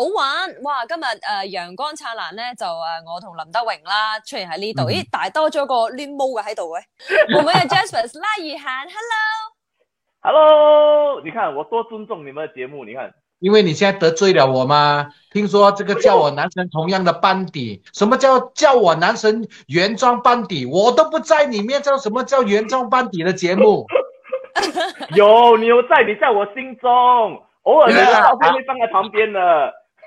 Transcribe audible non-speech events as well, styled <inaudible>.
好玩哇！今日誒陽光燦爛咧，就誒、呃、我同林德榮啦，出現喺呢度。咦、嗯，大多咗個亂毛嘅喺度嘅，妹 <laughs> 妹們的 Jasper 賴 <laughs> 雨涵，hello，hello，你看我多尊重你們嘅節目，你看，因為你現在得罪了我嘛。聽說這個叫我男神同樣嘅班底，哦、什麼叫叫我男神原裝班底？我都不在裏面，叫什麼叫原裝班底嘅節目？ <laughs> <laughs> 有你有在，你在我心中，偶爾嘅照片會放在邊旁邊的 <laughs>